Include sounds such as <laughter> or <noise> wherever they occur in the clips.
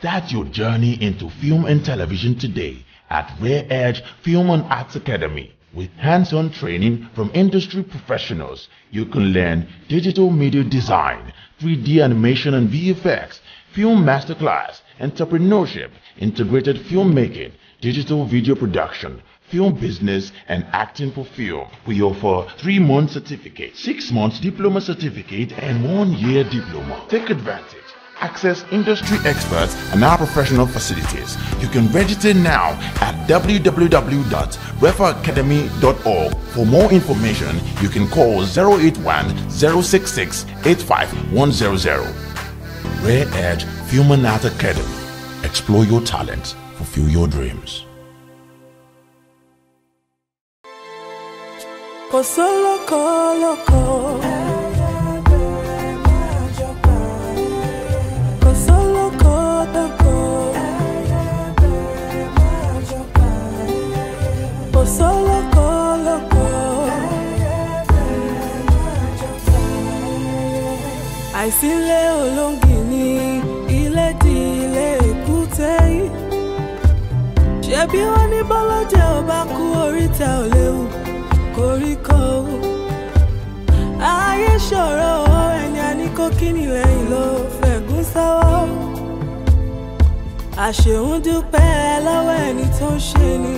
Start your journey into film and television today at Rare Edge Film and Arts Academy. With hands-on training from industry professionals, you can learn digital media design, 3D animation and VFX, film masterclass, entrepreneurship, integrated filmmaking, digital video production, film business and acting for film. We offer 3-month certificate, 6 months diploma certificate and 1-year diploma. Take advantage access industry experts and our professional facilities. You can register now at www.referacademy.org. For more information, you can call 081 066 85100. Rare Edge Human Art Academy. Explore your talents, fulfill your dreams. Kosoloko, loko. àìsílé olóńgì ni ilé di ilé èkúté yìí ṣebí wọn ní bọ́lọ́jẹ́ ò bá kú oríta ò léwu koríko owó ayé ṣòro ẹni àníkó kíni lẹ́yìn ló fẹ̀gún sọ́wọ́ àṣeun dúpẹ́ lọ́wọ́ ẹni tó ń ṣe ni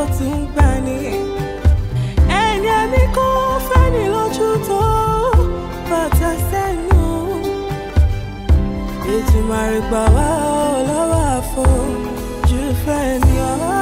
ó tún ń gbà ní ẹni àníkó fẹ́ni lójú tó bàtà sẹ́ni ètùmàrè gbà wá ọ lọ́wọ́ àfọ̀jù fẹ́ mi ọ́.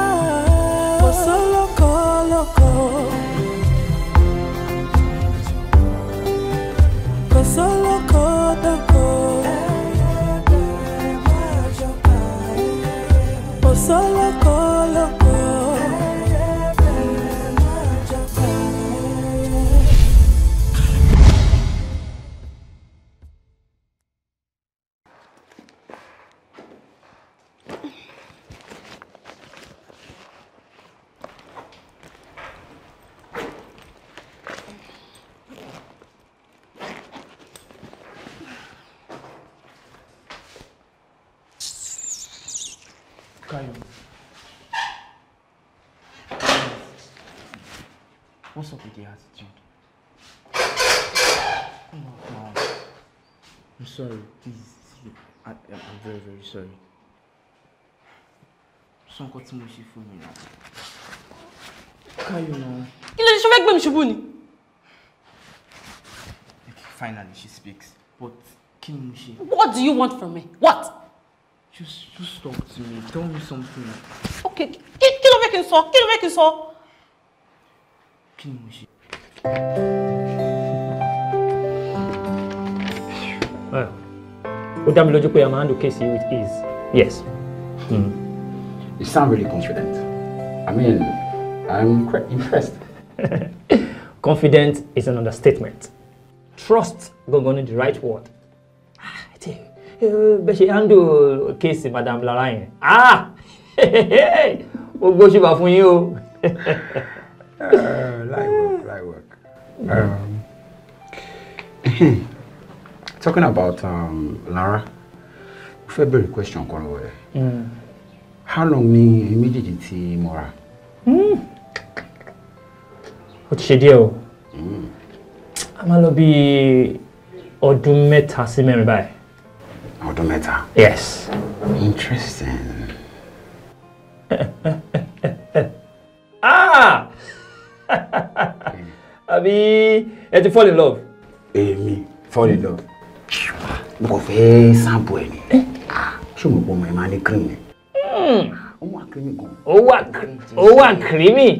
What's up with the attitude? Come on, man. I'm sorry. Please, I, I'm very, very sorry. Sọ nǹkan tí mo ṣe fún mi náà. Káyọ̀ náà. Kí ló ṣe ṣe fẹ́ gbé mi ṣubú ni? Finally, she speaks. But kí ni mo ṣe? What do you want from me? What? Just, just talk to me. Tell me something. Okay, kí ló fẹ́ kí n sọ? Kí ló fẹ́ kí n sọ? kí ni mo ṣe. ó dá mi lójú pé i handle case with ease. yes. Mm. you sound really confident. i mean i'm quite impressed. <laughs> confident is an understatement. trust gangan is the right word. bẹ́ẹ̀ ṣe handle case madam lara yẹn. ah <laughs> hey, ṣùgbọ́n go to o. <laughs> Uh, light work, light work. Um, <coughs> talking about um, Lara, February question kan hmm. How long ni méjèèjì ti mọ́ra? Hmm. Ó ti I'm hmm. A lobby lọ bí ọdún mẹ́ta Yes. Interesting. <laughs> ah! Abi, <laughs> ẹ ti fall in love. èmi fall in love mo kàn fẹ́ sáàbù ẹ̀ ni eh? ṣé mo gbọ́ ọmọ ẹ̀ máa ní cream ni. Hmm. ó wà cream <laughs>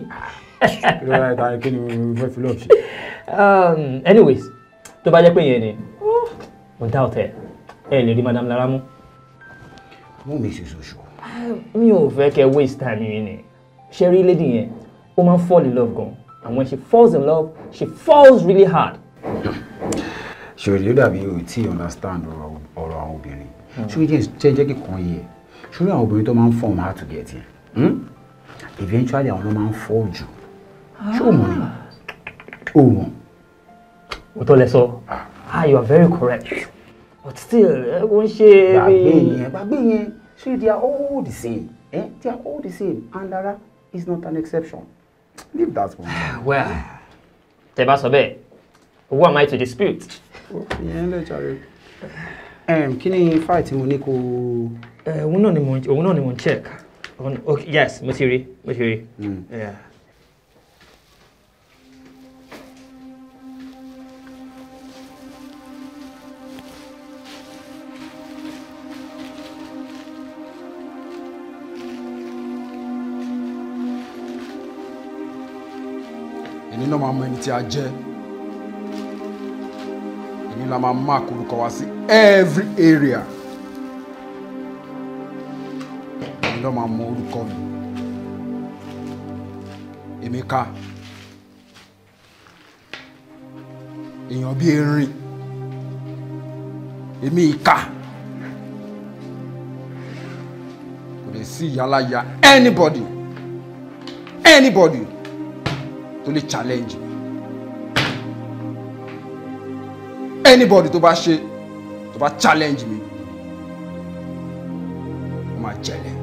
um, anyways tó bá jẹ́ pé yẹn ni <sighs> mo dá ọ̀tẹ̀ ẹ lè rí madam Lara mú. mo mi ṣe ṣoṣo. Ah, mi ò fẹ́ kẹ́ waste time yìí ni ṣe rí lady yẹn Woman máa fall in love gan and when she falls in love she falls really hard. ṣòrí ó dàbí o tí understand or àwọn obìnrin hmm. ṣòrí jẹ́ jẹ́ kí kan yẹ ṣòrí àwọn obìnrin tó máa ń form hard to get yẹn hmm? eventually àwọn ló máa ń fall jù ṣé o mọ̀ ni ah. o mọ̀. òótọ́ lẹ sọ ah. ah you are very correct but still ẹ kò ń ṣe. gbàgbé yẹn gbàgbé yẹn ṣé they are all the same eh? they are all the same and Dara is not an exception leave that for <sighs> well tẹ bá who am I to dispute. Oh, yeah, let's lè Um, can you fight mo ní kó. Eh, òun náà ni mo ń check yes mo ti rí mo hmm. ẹ̀yin náà máa mọ ẹni tí a jẹ́ ẹ̀yin la máa mark orúkọ wa sí every area ẹ̀yin náà máa mọ orúkọ mi Emeka èèyàn bíi erin èmi ìka kò lè sí ìyálàyà anybody anybody. To lè challenge mi anybody to bá ṣe to bá challenge me. ó máa jẹlẹ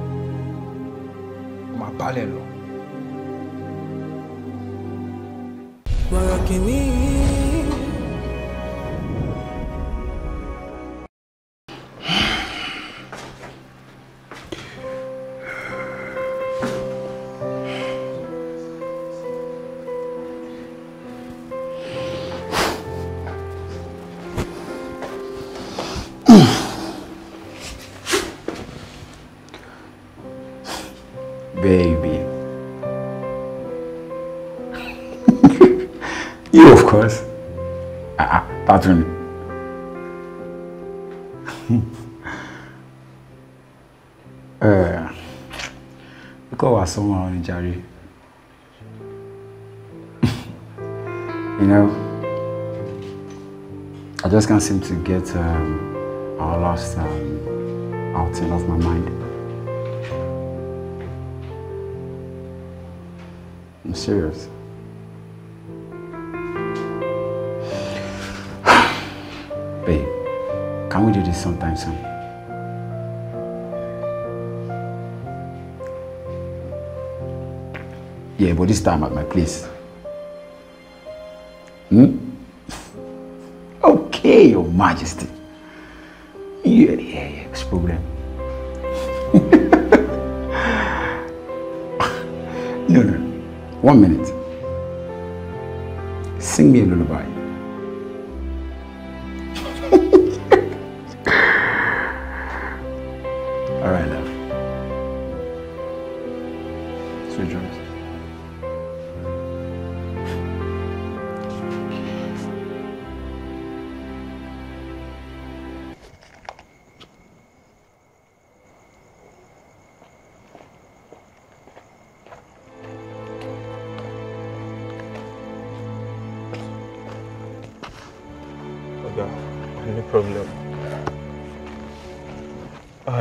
ó máa balẹ̀ lọ. gbọ̀rọ̀ kìíní. You know, I just can't seem to get um, our last um, outing off my mind. I'm serious. <sighs> Babe, can we do this sometime soon? Yeah, but this time at my place. Hmm? Okay, Your Majesty. Yeah, yeah, yeah, this problem. no, no, one minute.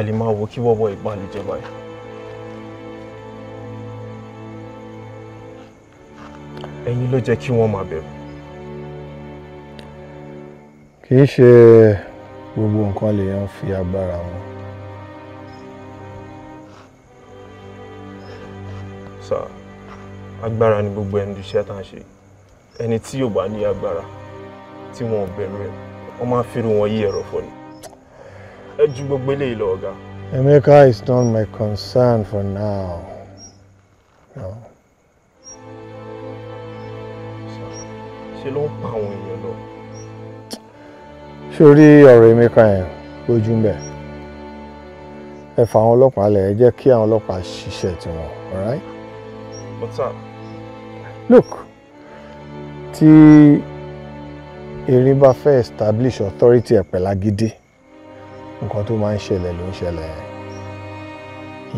a lè máa wo kí wọ́wọ́ ìpalù jẹ báyìí. ẹ̀yin ló jẹ́ kí wọ́n máa bẹ̀rù. kì í ṣe gbogbo nǹkan lèèyàn fi agbára wọn. sà agbára ni gbogbo ẹni iṣẹ́ tá à ń ṣe ẹni tí yóò bá ní agbára tí wọn ò bẹ̀rù ẹ̀ wọ́n máa ń fẹ́rù wọn yí ẹ̀rọ fọ́ ni ẹ gbogbo eléyìí lọ ọ̀gá. Emeka is not my concern for now. No. ṣe ló ń pa àwọn èèyàn lọ. ṣé o rí ọ̀rọ̀ Emeka yẹn lójú mbẹ́ ẹ fà àwọn ọlọ́pàá lẹ̀ ẹ jẹ́ kí àwọn ọlọ́pàá ṣiṣẹ́ tiwọn alright. what's up. look tí erin bá fẹ́ establish authority ẹ̀ pẹ̀lú agídé nǹkan tó máa ń ṣẹlẹ̀ ló ń ṣẹlẹ̀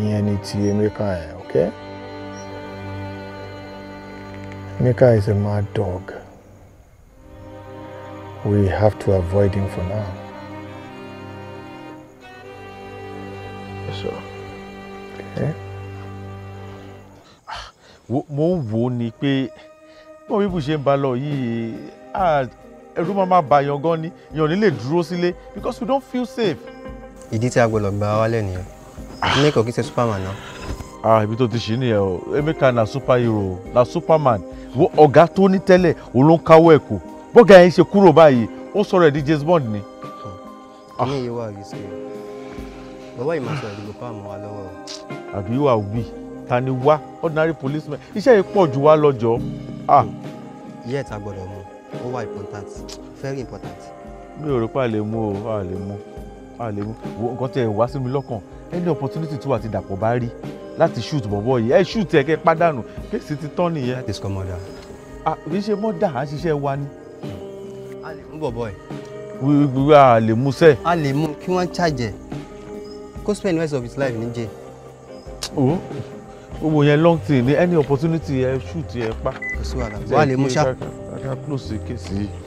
ìyẹn ni ti Emeka yẹn ok Emeka is a mad dog we have to avoid him for now. So, okay. Ah, mo ń wò ó ni pé bọ́n bíbù ṣe ń bá lọ yìí ah, ẹ̀rù máa máa bà yàn gan ni yàn ní lè dúró sílé because we don't feel safe. ìdí tí a gbọ́dọ̀ gba wálẹ̀ nìyẹn Emeka kì í ṣe superman náà. ah ibi tó ti ṣì nìyẹn o Emeka na superhero na superman wo ọ̀gá tó ní tẹ́lẹ̀ òun ló ń káwọ́ ẹ̀ kù bọ́gà yẹn ṣe kúrò báyìí ó sọ̀rọ̀ ẹ̀ di James Bond ni. ní iye wa yìí ṣe bàbá yìí máa sọ ìdìbò páàmù wa lọ́wọ́. àbí wà wí ta ni wá ordinary policeman iṣẹ́ yìí pọ̀ ju wa lọ́jọ́. Ah. yẹ́ẹ̀ ta gbọ́dọ̀ mú ó wà important very important. mi ò rò pé a lè mú o a lè mú a lè mú nǹkan tí wá sí mi lọ́kàn any opportunity tó wà ti dàpọ̀ bá rí láti shoot bọ̀bọ̀ yìí ẹ shoot ẹ kẹ́ pàdánù kéèsì ti tán nìyẹn. that is commander. a kì í ṣe mọ́dà a ṣiṣẹ́ wa ni. a lè mú bọ̀bọ̀ ẹ̀. wíwá a lè mú sẹ́ẹ̀. a lè mú kí wọ́n ṣàjẹ́ kó spend rest of his life ní jail. o owó yẹn long thing ni any opportunity ẹ shoot ẹ pa. kò sí wàhálà wàá lè mú ṣá. não plus o que isso.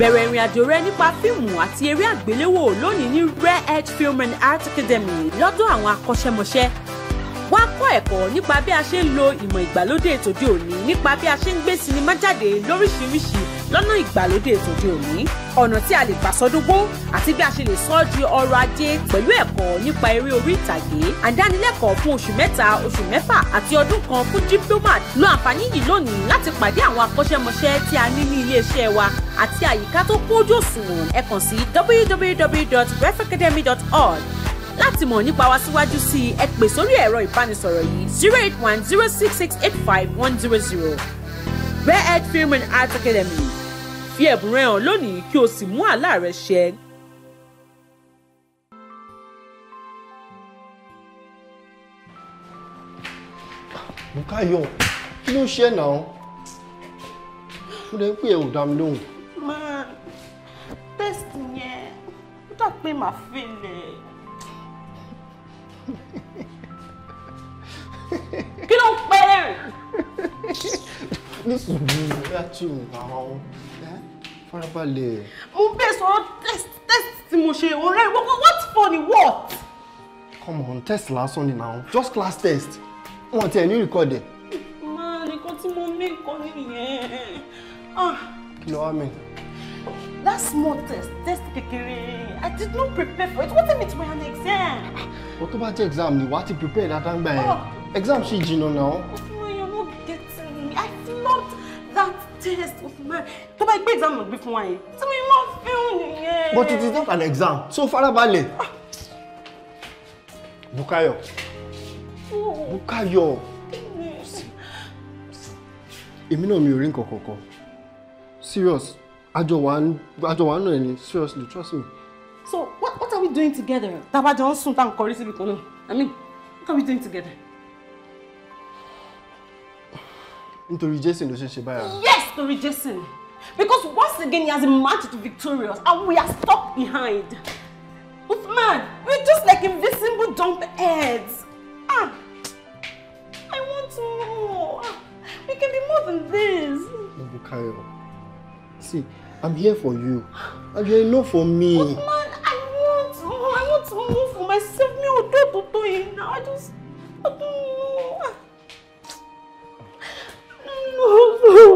Bẹ̀rẹ̀ ìrìn àjò rẹ nípa fíìmù àti eré àgbéléwò lónìí ní Rare Edge Film and Art Academy lọ́dọ̀ àwọn akọ́ṣẹ́mọṣẹ́. Wá kọ́ ẹ̀kọ́ nípa bí a ṣe ń lo ìmọ̀ ìgbàlódé tòde òní nípa bí a ṣe ń gbé sinimá jáde lóríṣiríṣi lọ́nà ìgbàlódé tòde òní ọ̀nà tí a lè gbà sọdúngbó àti bí a ṣe lè sọ ọ́ di ọrọ̀ ajé pẹ̀lú ẹ̀kọ́ nípa eré orí ìtàgé àdánilẹ́kọ̀ọ́ fún oṣù mẹ́ta oṣù mẹ́fà àti ọdún kan fún diplomat lo àǹfààní yìí lónìí láti pàdé àwọn akọ́ṣẹ́mọṣẹ́ tí a ní ní iléeṣẹ́ wa àti àyíká tó kójú òṣùwọ̀n ẹ kàn sí www.refacademy.org láti mọ̀ nípa wa síwájú sí i ẹ pè sórí ẹ̀rọ ìbánisọ̀rọ̀ yìí zero eight one zero six six eight five one zero zero Red Film and Art Academy fi ẹ̀bùn rẹ hàn lónìí kí o sì mú àlá rẹ ṣẹ. Bùkáyọ̀ kí ló ṣe náà mo lè pè é ò dá mi lóhùn. máa test yẹn ó dà pé màá fèlè. kí ló ń pẹ́ rẹ̀. ní ẹ á tì mí àwọn farabalẹ̀. mo bẹ́ẹ̀ sọ̀rọ̀ test test tí mo ṣe ọ̀rẹ́ what for ni what. come on test lásán ni now just class test wọn ti ẹ̀ ní record ẹ̀. máa nìkan tí mo mí nǹkan nìyẹn. Ah. kí ló wá mi. that small test test kékeré i did not prepare for it what if it were an exam. o tó bá jẹ́ exam ni wàá ti prepare dáadáa ń gbà yẹn ah. exam ṣì jìnnà náà. tó bá gbé exam gbé fún wa yẹn tí mi máa fi hùn nìyẹn. but it is not an exam so farabalẹ̀. Bukayo oh. Bukayo èmi náà mi ò rí nǹkan kankan serious àjọ wa àjọ wa náà ni seriously trust me. so what what are we doing together? tabajọ ń sùn tá à ń kọrí síbi kan náà i mean what are we doing together? Into rejecting, ló ṣe yes to rejecting, because once again he has emerged victorious and we are stuck behind Uthman we're just like invisible dump heads ah i want more we can be more than this. Bukayo see i'm here for you and you're enough for me. Uthman i want more i want more for myself I don't òtútù yìí now i just i mm. don't.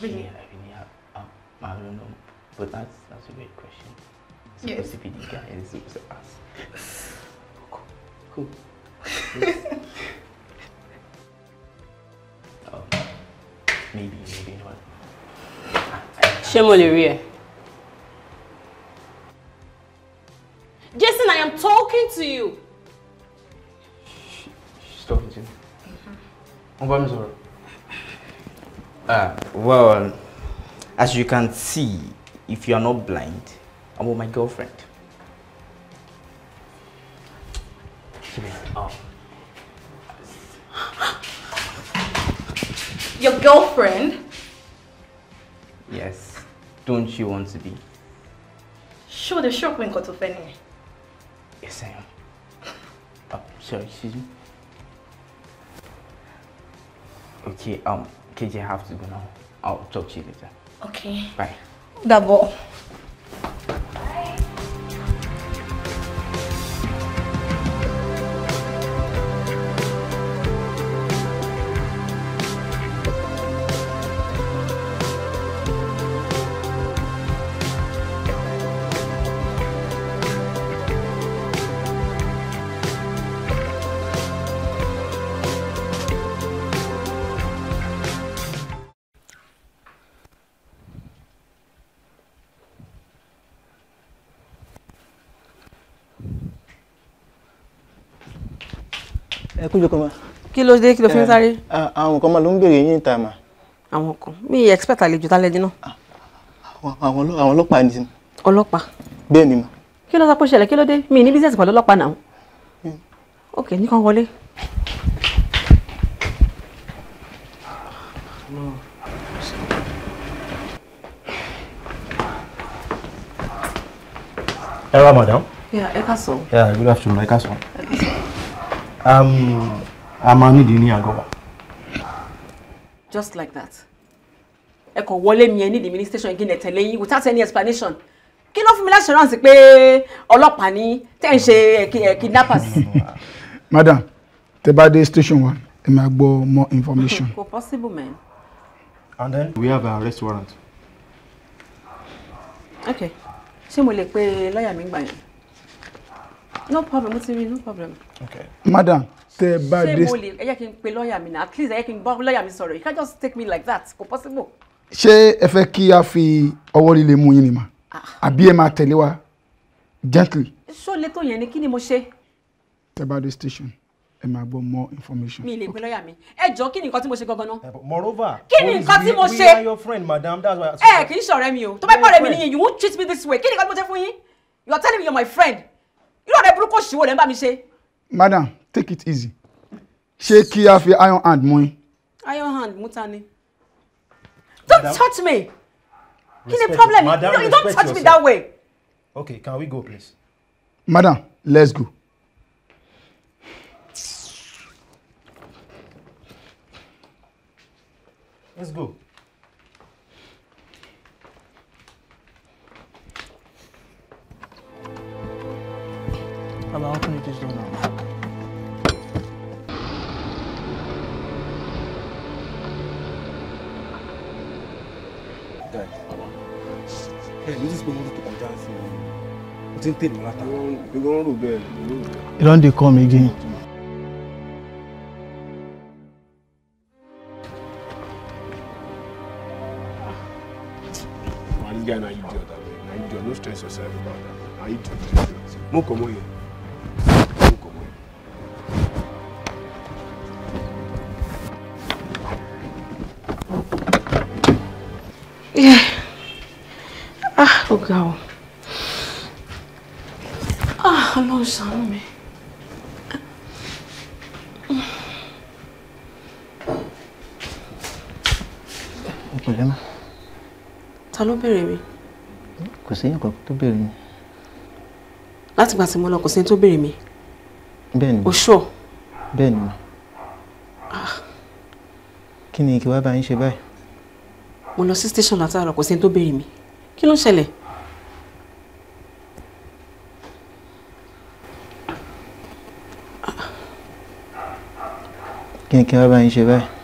Really? Yeah, I mean, have. Um, I don't know, but that's that's a great question. It's yes. supposed to be the guy and it's supposed to ask. Cool. cool. um, maybe, maybe not. Shame on your Jason, I am talking to you. She's talking to you. Mm -hmm. I'm sorry. Ah, well, as you can see, if you are not blind, I'm with my girlfriend. Oh. Your girlfriend? Yes. Don't you want to be? Sure, the shock when to off Yes, I am. Oh, sorry, excuse me. Okay, um, KJ have to go now. I'll talk to you later. Okay. Bye. Double. jókòó jókòó ma. kí ló dé kí ló fi ń eh, sáré. Eh, àwọn kan máa ló ń béèrè yín níta mà. àwọn kan mi expect àlejò tálẹ̀ dín náà. Ah, àwọn ọlọ́pàá ni. ọlọ́pàá. bẹ́ẹ̀ ni mà. kí ló sọ pé ṣẹlẹ̀ kí ló dé mi ní business pẹ̀lú ọlọ́pàá náà. Hmm. ok nìkan wọlé. Hello, madam. Yeah, Ekason. Yeah, good afternoon, Ekason. <laughs> Um, a máa nídìí ní àgọ́ wa. just like that Eko wole mi ẹ the mi ní station igi nẹ tẹ̀lé yín without any explanation kí ló fún mi láti ṣọ́ránsì pé ọlọ́pàá ní tẹ̀ ń kidnappers. <laughs> madam tẹ bá dé station one. E máa gbọ́ more information. kò possible man. and then we have an arrest warrant. okay ṣé mo lè pe lọ́ọ̀yà mi gbà yẹn no problem mo ti rí no problem. okay madam tẹ bá dé. ṣé mo lè ẹ jẹ́ kí n pe lọ́ọ̀yà mi náà at least ẹ jẹ́ kí n gbọ́ lọ́ọ̀yà mi sọ̀rọ̀ you can't just take me like that kò possible. ṣé ẹ fẹ́ kí a fi ọwọ́ líle mú yín ni mà ah. àbí ẹ máa tẹ̀lé wa gently. ṣó lè tó yẹn ni kí ni mo ṣe. tẹ bá dé station ẹ máa gbọ́ more information. mi lè pe lọ́ọ̀yà mi ẹ jọ kí ni nǹkan tí mo ṣe gangan náà. moreover kí ni nǹkan tí mo ṣe. we are your friend madam that's why. ẹ kì í ṣọ̀rẹ́ mi o tó bá pọ̀ rẹ̀ mi you won't treat me this way kí ni telling me you my friend irú ọ̀rẹ́ burúkú ṣìwò lẹ́ ń bá mi ṣe. madam take it easy ṣé kí a fi iron hand mú yín. iron hand mú ta ni. don't madam, touch me. kí ni problem madam, you, you don't touch yourself. me that way. okay can we go please. madam let's go. let's go. About how it is now. You don't come again. This guy na idiot. Na idiot. No stress yourself about that. Na idiot. Mo come here. Ah, ó ga o. Ah, Ọlọ́run ṣàánú mi. Ìpínlẹ̀ mọ́. Ta ló béèrè mi? Kò sí nǹkan tó béèrè mi. Látìgbà tí mo lọ kò sí tó béèrè mi. Bẹ́ẹ̀ni. O ṣọ. Bẹ́ẹ̀ni. Ah. Kí ni kí wá bá ń ṣe báyìí? mo lọ sí station látàárọ̀ kò sí ẹni tó béèrè mi kí ló ń ṣẹlẹ̀. kí ni kí wọ́n bá yín ṣe báyìí.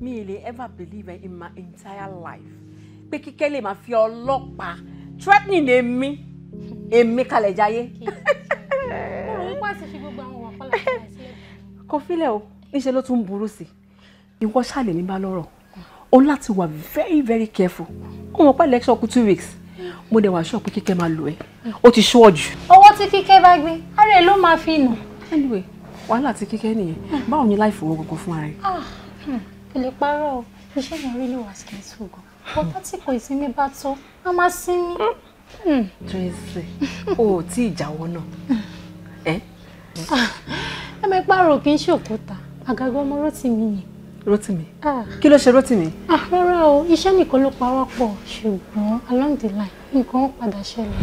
mi ì ever believe in my entire life pé kíkẹ́ lè máa fi ọlọ́pàá threatening èmi èmi kalẹ̀ jayé. kò filẹ̀ o níṣẹ́ ló tún burú sí i ìwọ ṣáà ní bá lọ́rọ̀ o láti wà very very careful kó wọn pẹ́ election kù two weeks mo dẹ̀ wá ṣọ́ pé kíkẹ́ máa lò ẹ́ ó ti ṣọ́ jù. owó tí kíkẹ́ bá gbé ara ẹ̀ ló máa fi nù. anyway wàhálà tí kíkẹ́ nìyẹn báwo ni láì fowó kankan fún ara rẹ̀. Ah, hmm kò lè parọ́ o iṣẹ́ yẹn rí lè wà skillful gan ọ̀tá tí kò ìsinmi bá tó a máa sinmi. Hmm. tracy o ò tí ì jáwọ́ náà <laughs> eh? ẹ. ẹ mẹ́ pààrọ̀ kì í ṣe òkúta àgàgọ́ ọmọ Rótìmí yẹn. Rótìmí ah. kí ló ṣe Rótìmí. Ah, rárá o iṣẹ́ nìkan ló pa pọ̀ ṣùgbọ́n along the line nǹkan ó padà ṣẹlẹ̀.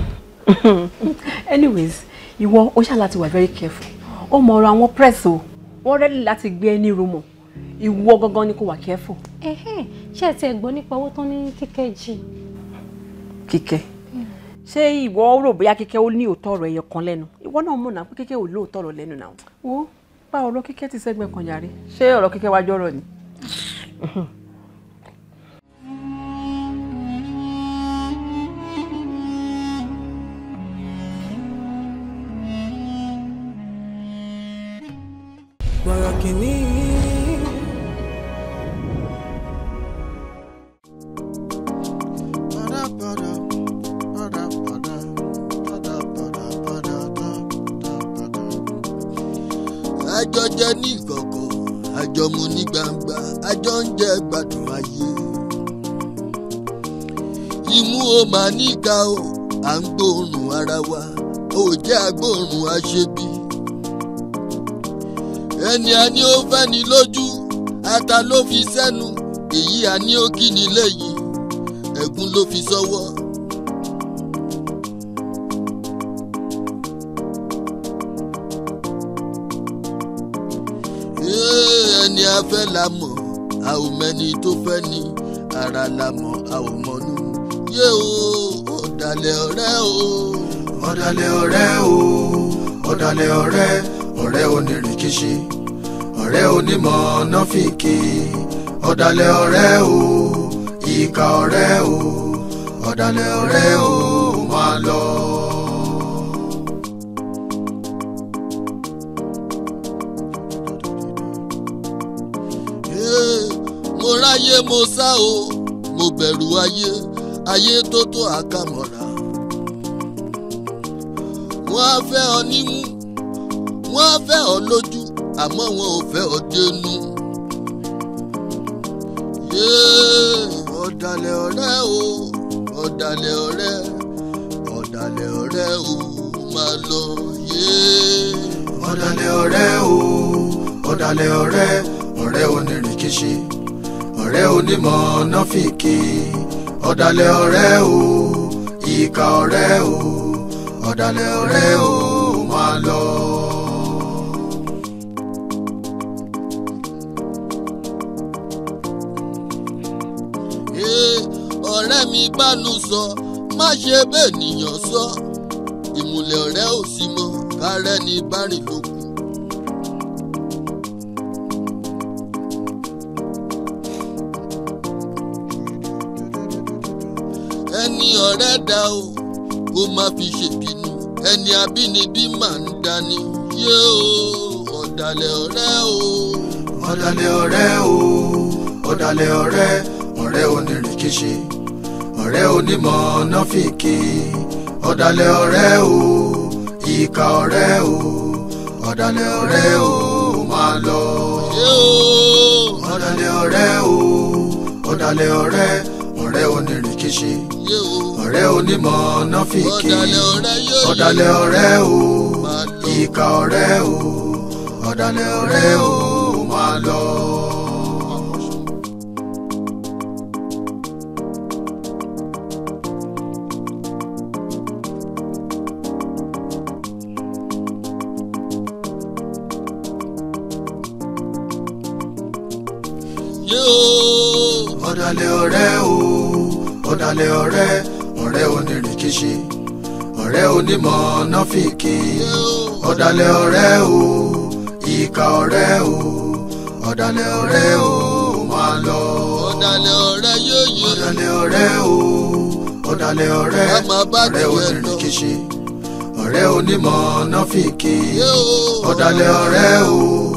<laughs> anyways ìwọ ó ṣáà láti wà very careful ó mọ ọ̀rọ̀ àwọn press o wọ́n rẹ́lì láti gbé ẹni rumọ̀ ìwọ gangan ni kò wà kẹ́fù. ṣé ẹ ti ẹ̀ gbọ́ nípa owó tán ní kíkẹ́ jì. kíkẹ́ ṣé ìwọ rò bóyá kíkẹ́ ó ní òótọ́ ọ̀rọ̀ ẹyọ kan lẹ́nu ìwọ náà mọ̀ náà pé kíkẹ́ ò lóòótọ́ ọ̀rọ̀ lẹ́nu náà. wo bá ọ̀rọ̀ kíkẹ́ ti sẹ́gbẹ̀ẹ́ kan yàrá ṣé ọ̀rọ̀ kíkẹ́ wájú ọ̀rọ̀ ni. <laughs> àgbà àjọ ń jẹ gbádùn ayé. imú o máa níka o à ń gbóòórùn ara wa ò jẹ́ agbóòórùn aṣebi. ẹni a ní ó fẹ́ ni lójú ata ló fi sẹ́nu èyí a ní ó kí ni lẹ́yìn ẹ̀gún ló fi sọ́wọ́ ò mẹ́ni tó fẹ́ ni ara la mọ̀ a ò mọ̀nú. yé o ọ̀dàlẹ̀ ọ̀rẹ́ o. ọ̀dàlẹ̀ ọ̀rẹ́ o ọ̀dàlẹ̀ ọ̀rẹ́ ọ̀rẹ́ onírìkíṣí ọ̀rẹ́ onímọ̀ nọ́fìkì ọ̀dàlẹ̀ ọ̀rẹ́ o ìkà ọ̀rẹ́ o ọ̀dàlẹ̀ ọ̀rẹ́ o máa lọ. ayé mo sá o mo bẹ̀rù ayé ayé tó tó àkàmọ̀ra. wọ́n á fẹ́ ọ nímú wọ́n á fẹ́ ọ lójú àmọ́ wọn ò fẹ́ ọ dénú. ọ̀dàlẹ̀ ọ̀rẹ́ o ọ̀dàlẹ̀ ọ̀rẹ́ ọ̀dàlẹ̀ ọ̀rẹ́ o máa lọ yéé. ọ̀dàlẹ̀ ọ̀rẹ́ o ọ̀dàlẹ̀ ọ̀rẹ́ ọ̀rẹ́ onírìkíṣí ọ̀rẹ́ onímọ̀ nọ́fìkì ọ̀dàlẹ̀ ọ̀rẹ́ o ìkà ọ̀rẹ́ o ọ̀dàlẹ̀ ọ̀rẹ́ o máa lọ. ọ̀rẹ́ mi bá lu sọ má ṣe bẹ́ẹ̀ nìyàn sọ ìmùlẹ̀ ọ̀rẹ́ ò sí mọ́ kárẹ́ ni bá rìn lóko. rẹ̀ dá o kó má fi ṣèbínú ẹni abínibí máa ń dání yóò ọ̀dàlẹ̀ ọ̀rẹ́ o. ọ̀dàlẹ̀ ọ̀rẹ́ o ọ̀dàlẹ̀ ọ̀rẹ́ ọ̀rẹ́ onírìkíṣe ọ̀rẹ́ onímọ̀ nọ́fìkì ọ̀dàlẹ̀ ọ̀rẹ́ o ìkà ọ̀rẹ́ o ọ̀dàlẹ̀ ọ̀rẹ́ o máa lọ. ọ̀dàlẹ̀ ọ̀rẹ́ o ọ̀dàlẹ̀ ọ̀rẹ́ ọ̀rẹ́ onírìkíṣe. yóò ọ̀rẹ́ onímọ̀ nọ́fìkì ọ̀dàlẹ̀ ọ̀rẹ́ o ìkà ọ̀rẹ́ o ọ̀dàlẹ̀ ọ̀rẹ́ o máa lọ. ọ̀dàlẹ̀ ọ̀rẹ́ o ọ̀dàlẹ̀ ọ̀rẹ́ kìsì ọ̀rẹ́ onímọ̀ nọ́fìkì ọ̀dàlẹ̀ ọ̀rẹ́ o ìkà ọ̀rẹ́ o ọ̀dàlẹ̀ ọ̀rẹ́ o máa lọ. ọ̀dàlẹ̀ ọ̀rẹ́ yóò yí. ọ̀dàlẹ̀ ọ̀rẹ́ o ọ̀dàlẹ̀ ọ̀rẹ́ ọ̀rẹ́ obìnrin kìsì ọ̀rẹ́ onímọ̀ nọ́fìkì ọ̀dàlẹ̀ ọ̀rẹ́ o.